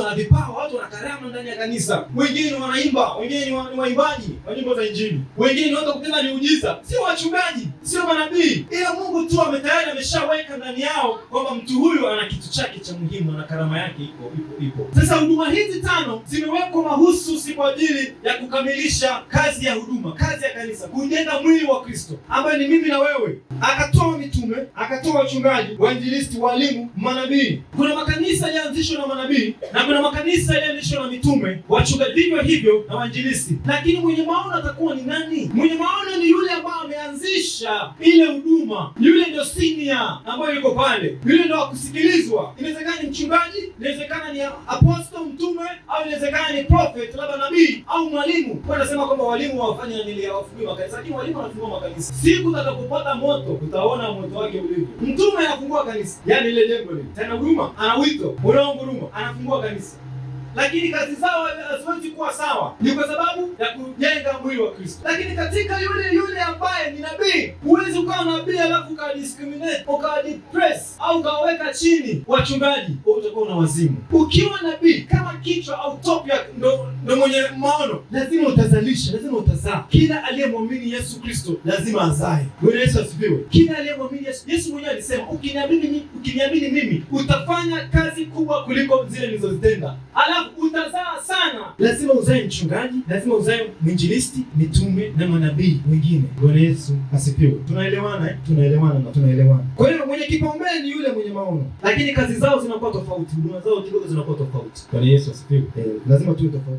watu wana vipawa, watu wana karama ndani ya kanisa. Wengine ni wanaimba, wengine ni waimbaji wa nyimbo za Injili, wengine ni watu kutenda miujiza. Sio wachungaji, sio manabii, ila Mungu tu ametayari ameshaweka ndani yao kwamba mtu huyu ana kitu chake cha muhimu, ana karama yake iko ipo ipo. Sasa huduma hizi tano zimewekwa mahususi kwa ajili ya kukamilisha kazi ya huduma, kazi ya kanisa, kujenga mwili wa Kristo ambaye ni mimi na wewe. Akatoa mitume, akatoa wachungaji, wainjilisti, walimu, manabii. Kuna makanisa yalianzishwa na manabii na kuna makanisa yalianzishwa na mitume, wachungaji vivyo hivyo na wainjilisti. Lakini mwenye maono atakuwa ni nani? Mwenye maono ni yule ambaye ameanzisha ile huduma, yule ndio senior ambayo yuko pale, yule ndio akusikilizwa. Inawezekana ni mchungaji inawezekana ni apostle mtume, au inawezekana ni prophet, labda nabii au mwalimu. Anasema kwamba walimu wafanya niliwafungia makanisa, lakini walimu wanafungua makanisa. Siku utakapopata moto, utaona moto wake ulivyo. Mtume anafungua kanisa, yani ile jengo lile tena, huruma ana wito unaonguruma, anafungua kanisa lakini kazi zao haziwezi kuwa sawa, ni kwa sababu ya kujenga mwili wa Kristo. Lakini katika yule yule ambaye ni nabii, huwezi ukawa nabii alafu ukadiskriminate ukawadepress au ukawaweka chini wachungaji, utakuwa una wazimu. Ukiwa nabii kama kichwa au top ya ndo, ndo mwenye maono, lazima utazalisha, lazima utazaa. Kila aliyemwamini Yesu Kristo lazima azae. Bwana Yesu asifiwe. Kila aliyemwamini Yesu, Yesu mwenyewe alisema, ukiniamini mimi, ukiniamini mimi utafanya kazi kubwa kuliko zile nilizozitenda. Alafu lazima uzae mchungaji, lazima uzae mwinjilisti, mitume na manabii wengine. Bwana Yesu asifiwe. Tunaelewana eh? Tunaelewana na tunaelewana. Kwa hiyo mwenye kipaumbele ni yule mwenye maono, lakini kazi zao zinakuwa tofauti, huduma zao kidogo zinakuwa tofauti. Bwana Yesu asifiwe. Eh, lazima tuwe tofauti.